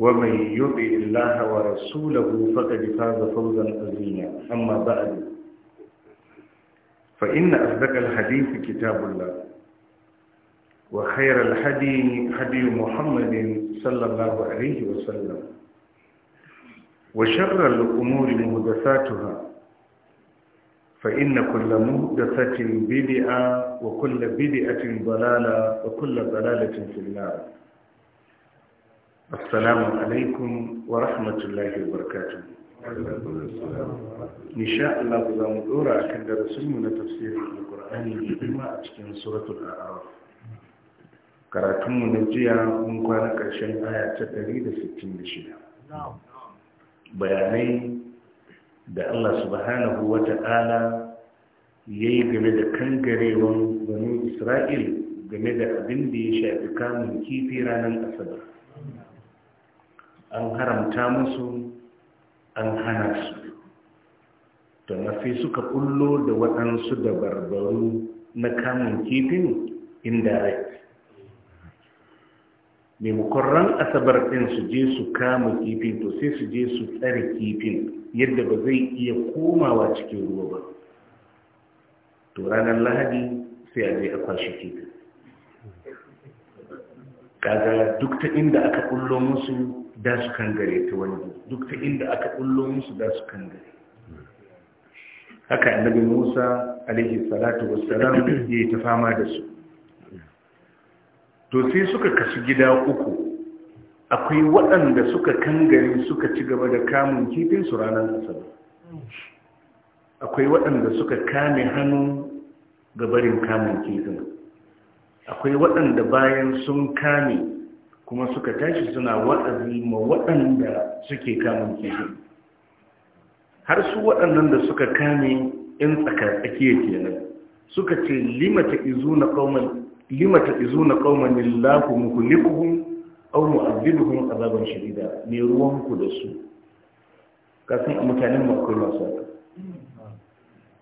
ومن يطع الله ورسوله فقد فاز فوزا عظيما اما بعد فان اصدق الحديث كتاب الله وخير الهدي هدي محمد صلى الله عليه وسلم وشر الامور محدثاتها فان كل محدثه بدعه وكل بدعه ضلاله وكل ضلاله في النار Assalamu السلام عليكم ورحمة الله وبركاته إن شاء الله إذا مدورة na درسنا تفسير القرآن بما أتكين سورة الأعراف karatunmu na jiya mun kwana ƙarshen aya ta da da shida. bayanai da Allah subhanahu wa ta'ala ya yi game da kangarewan banu isra'il game da abin da ya shafi kamun kifi ranar asabar an haramta musu an hana su to mafi suka kullo da waɗansu dabarbaru na kamun kifin indirect maimakon asabar ɗin su je su kama kifin to sai su je su tsare kifin yadda ba zai iya komawa cikin ruwa ba to ranar lahadi sai a je a kwashe kifin kaga duk ta inda aka kullo musu da su kangare ta wani duk ta inda aka kullo musu da su kangare haka annabi Musa alaihi salatu wassalam yi ta fama da su to sai suka kasu gida uku akwai waɗanda suka kangare suka ci gaba da kamun kifin su ranar asabar akwai waɗanda suka kame hannu gabarin kamun kifin akwai waɗanda bayan sun kame kuma suka tashi suna wa'azi ma waɗanda suke kamun kifi har su waɗannan da suka kame in tsakatsakiya kenan suka ce limata izuna qauman limata izuna qauman lillahu muhlikuhum aw mu'adhibuhum azaban shirida ne ruwan ku da su kasan a mutanen makon masu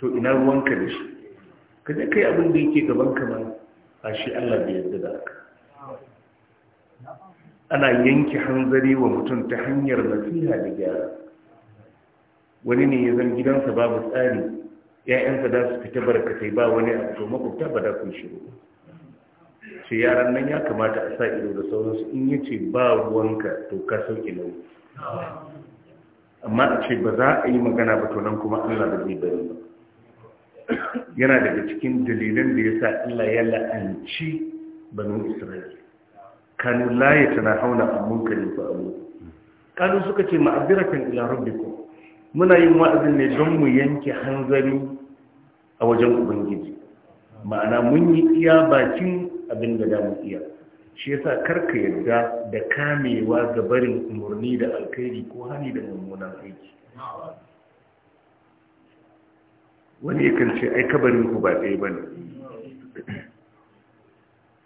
to ina ruwanka da shi ka je kai abin da yake gaban kamar a shi Allah da yadda da haka ana yanki hanzari wa mutum ta hanyar nasiha da gyara wani ne ya zan gidansa babu tsari ya'yansa za su fita barkatai ba wani a to makwabta ba da kun shiru ce yaran nan ya kamata a sa ido da sauransu in yi ce ba ruwanka to ka sauki nau amma a ce ba za a yi magana ba to nan kuma allah da zai bari ba yana daga cikin dalilan da ya sa allah ya la'anci banu isra'ila kanu la yatanahawna an ba abu. kanu suka ce ma'abiratan ila ku. muna yin wa'azin ne don mu yanke hanzari a wajen ubangiji ma'ana mun yi iya bakin abin da damu iya shi yasa karka yadda da kamewa ga barin umarni da alkhairi ko hani da mummunan aiki wani yakan ce ai kabarin ku ba ɗaya ba ne.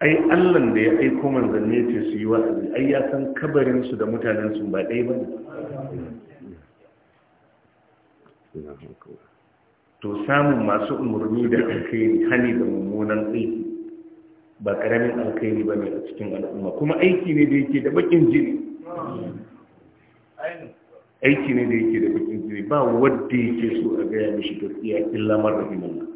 ai allan da ya aiko manzanni ce su yi wa'azi ai ya san kabarin su da mutanen su ba ɗaya ba to samun masu umarni da alkhairi hani da mummunan aiki ba karamin alkhairi ba ne a cikin al'umma kuma aiki ne da yake da bakin jini aiki ne da yake da bakin ilimi ba wadda yake so a gaya mishi gaskiya illa marrahimallah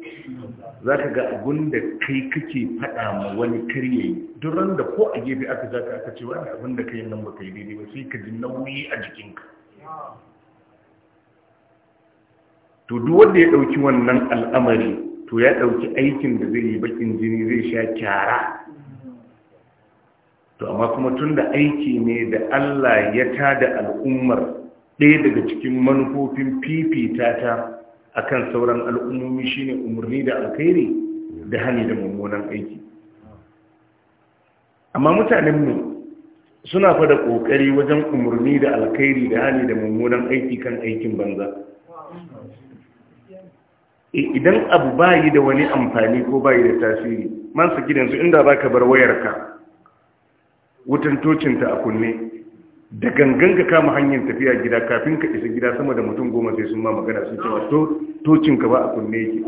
za ka ga abun da kai kake faɗa ma wani karye duran da ko a gefe aka zaka aka ce wani abun da kai nan baka yi daidai ba sai ka ji nauyi a jikinka to duk wanda ya ɗauki wannan al'amari to ya ɗauki aikin da zai yi bakin jini zai sha kyara to amma kuma tunda aiki ne da Allah ya tada al'ummar ɗaya daga cikin manufofin fifita ta a kan sauran al'ummomi shine umarni da alkhairi da hani da mummunan aiki amma mutanenmu suna fada ƙoƙari wajen umarni da alkhairi da hani da mummunan aiki kan aikin banza e, idan abu bayi da wani amfani ko bayi da tasiri man gidansu inda ba ka bar wayarka wutan tocinta a kunne da gangan ka kama hanyar tafiya gida kafin ka isa gida sama da mutum goma sai sun ma magana sun cewa to tocin ka ba a kunne yake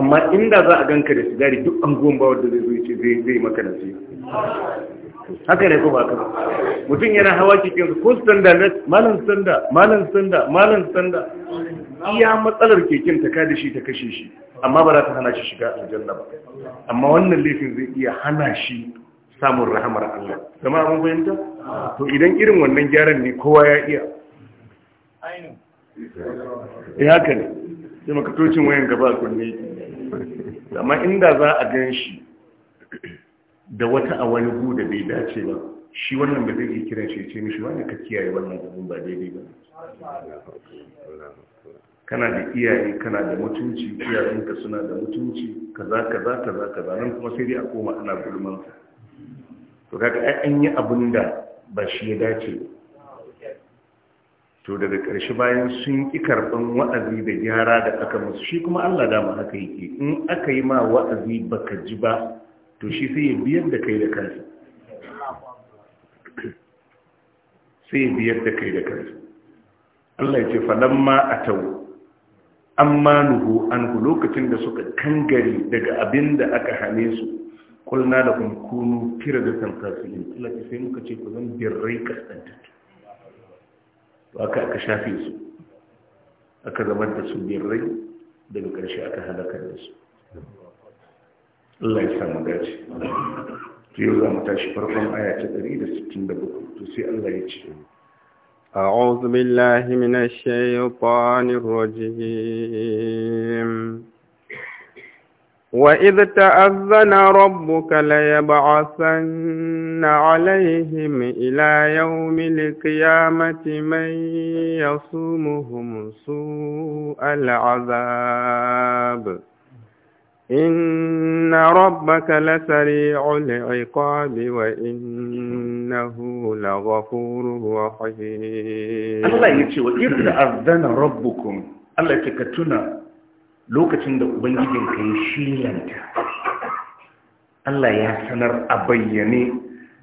amma inda za a ganka da sigari duk an goma ba wanda zai zo yace zai zai maka shi haka ne ko ba haka mutum yana hawa cikin ko standa malam standa malam standa malam standa iya matsalar keken ta kada shi ta kashe shi amma ba za ta hana shi shiga aljanna ba amma wannan laifin zai iya hana shi samun rahamar Allah zama mun fahimta to idan irin wannan gyaran ne kowa ya iya Ya eh, haka ne sai makatocin wayan gaba kunne amma inda za a gan shi da wata a wani gu da bai dace ba shi wannan ba zai iya shi ce mishi wani ka kiyaye wannan abin ba daidai ba kana da iyaye kana da mutunci iyayenka suna da mutunci kaza kaza kaza kaza nan kuma sai dai a koma ana gulmansa to kaga an yi abin da ba shi ya dace to daga ƙarshe bayan sun ƙi karɓin wa'azi da gyara da aka musu shi kuma Allah dama haka yake in aka yi ma wa'azi baka ji ba to shi sai ya biyar da kai da kansa sai ya biyar da kai da kansa Allah ya ce falamma ta'u. amma nuhu an lokacin da suka kangare daga abin da aka hane su kulna da kun kunu fira da kan kasihin sai muka ce ku zan birrai kaskantattu to aka aka shafe su aka zama da su birrai daga ƙarshe aka halakar da su Allah ya samu dace to yau za mu tashi farkon aya ta 167 to sai Allah ya ce أعوذ بالله من الشيطان الرجيم وإذ تأذن ربك ليبعثن عليهم إلى يوم القيامة من يصومهم سوء العذاب إن ربك لسريع العقاب وإنه لغفور رحيم الله يتي وإذ تأذن ربكم الله يتكتنا lokacin da ubangijin ka ya shilanta Allah ya sanar a bayyane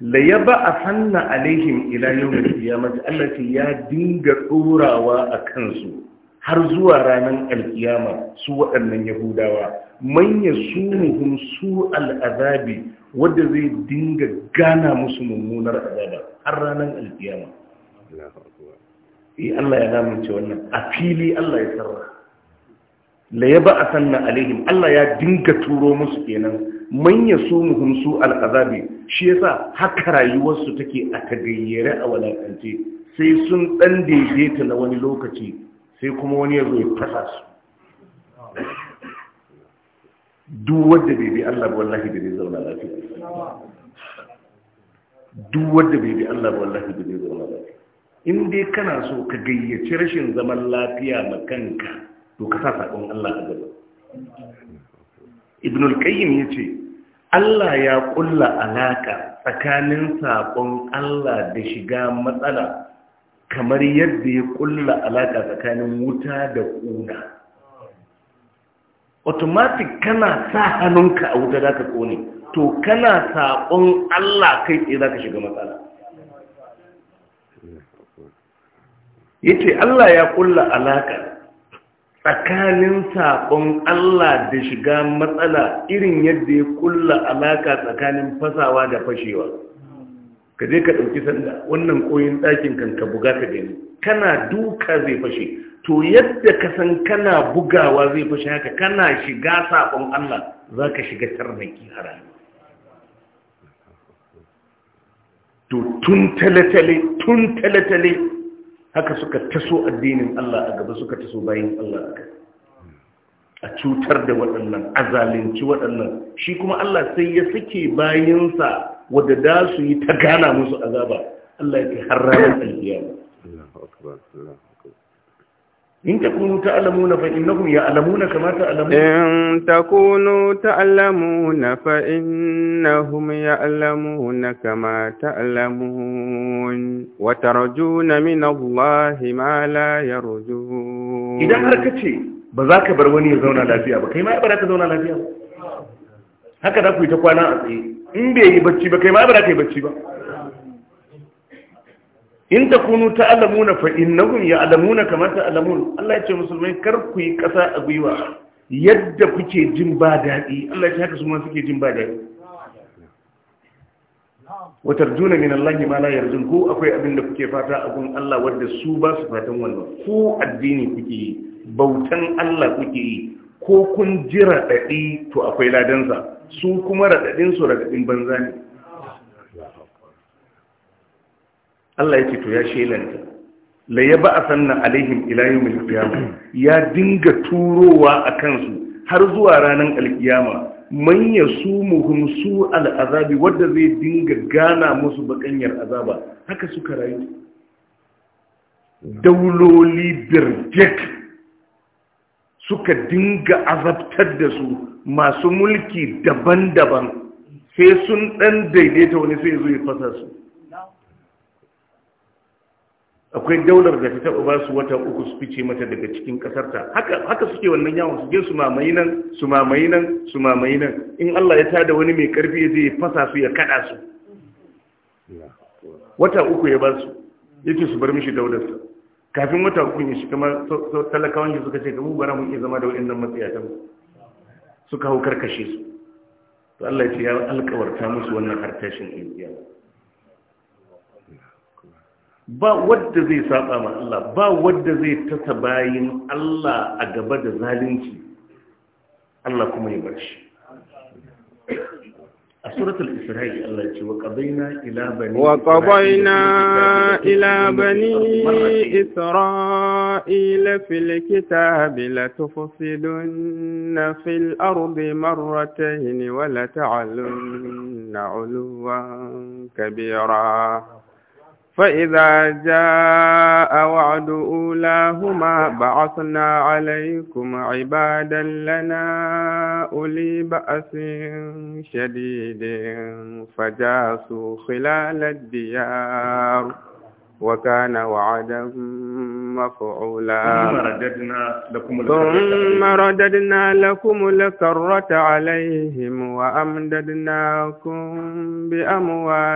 Da ya ba a sanna alaihim ila da qiyamati Allah ce ya dinga tsorawa a kansu har zuwa ranar alkiyama su waɗannan yahudawa manya yasumuhum su al'azabi wadda zai dinga gana musu mummunar azaba har ranar alkiyama eh, Allah ya lamunce wannan a fili Allah ya sarra la ya ba a sanna alaihim Allah ya dinga turo musu kenan manya su muhum su al'azabi shi yasa haka rayuwarsu take a tagayyare a walakance sai sun dan daidaita na wani lokaci sai kuma wani ya ya fasa su duk wanda bai bi Allah ba wallahi da zai zauna lafiya duk wanda bai bi Allah ba wallahi da zai zauna lafiya in dai kana so ka gayyaci rashin zaman lafiya ma kanka to ka sa saƙon Allah a gaba ibn al-qayyim yace Allah ya kulla alaƙa tsakanin saƙon Allah da shiga matsala kamar yadda ya kulla alaƙa tsakanin wuta da ƙuna. automatic kana sa hannunka a wuta zaka kone to kana saƙon Allah kai tsaye zaka shiga matsala yace Allah ya kulla alaka tsakanin saƙon Allah da shiga matsala irin yadda ya kulla alaka tsakanin fasawa da fashewa ka je ka ɗauki sanda wannan koyin ɗakin kan ka buga ka gani kana duka zai fashe to yadda ka san kana bugawa zai fashe haka kana shiga saƙon Allah za ka shiga tarnaki a to tun tale tun tale haka suka taso addinin Allah a gaba suka taso bayan Allah a a cutar da waɗannan a waɗannan shi kuma Allah sai ya sake bayansa wadda da su yi ta gana musu azaba Allah ya kai har ranar alkiyama in takunu ta'lamuna fa innahum ya'lamuna kama ta'lamuna in takunu ta'lamuna fa innahum ya'lamuna kama ta'lamun wa tarjuna min Allahi ma la yarju idan har kace ba za ka bar wani ya zauna lafiya ba kai ma ba za ka zauna lafiya haka za ku yi ta kwana a tsaye in bai yi bacci ba kai ma ba za ka yi bacci ba in ta kunu ta alamuna fa innahum ya alamuna kamar ta alamun Allah ya ce musulmai kar ku yi ƙasa a gwiwa yadda kuke jin ba daɗi Allah ya ce haka su ma suke jin ba daɗi wa juna min Allah ma la yarjun ku akwai abin da kuke fata a gun Allah wanda su ba su fatan wannan ku addini kuke yi bautan Allah kuke yi ko kun ji raɗaɗi to akwai ladansa su kuma raɗaɗin su raɗaɗin banza ne Allah ya ce to ya shelanta la ya ba a sannan alaihim ila yawmil kiyama. ya dinga turowa a kansu har zuwa ranar alkiyama manya su muhum su al'azabi wadda zai dinga gana musu bakanyar azaba haka suka rayu dauloli birjek suka dinga azabtar da su masu mulki daban-daban sai sun ɗan daidaita wani sai zai fasa su akwai daular da ta taɓa ba su wata uku su fice mata daga cikin ƙasarta haka suke wannan yawon su je su mamayi nan su mamayi nan su mamayi nan in Allah ya tada wani mai ƙarfi ya je ya fasa su ya kaɗa su wata uku ya ba su ya ce su bar mishi daularsa kafin wata uku ya shi kamar talakawan shi suka ce kamu bara mun iya zama da waɗannan ta suka hau karkashe su to Allah ya ce ya alkawarta musu wannan hartashin indiya ba wadda zai saba ma Allah ba wadda zai tata bayin Allah a gaba da zalunci Allah kuma ya bar shi a suratul isra'i Allah ce wa qadaina ila bani wa qadaina ila bani isra'ila fil kitabi la tufsiduna fil ardi marratayn wa la ta'alunna 'uluwan kabira فإذا جاء وعد أولاهما بعثنا عليكم عبادا لنا أولي بأس شديد فجاسوا خلال الديار وكان وعدا مفعولا ثم رددنا لكم الكرة عليهم وأمددناكم بأموال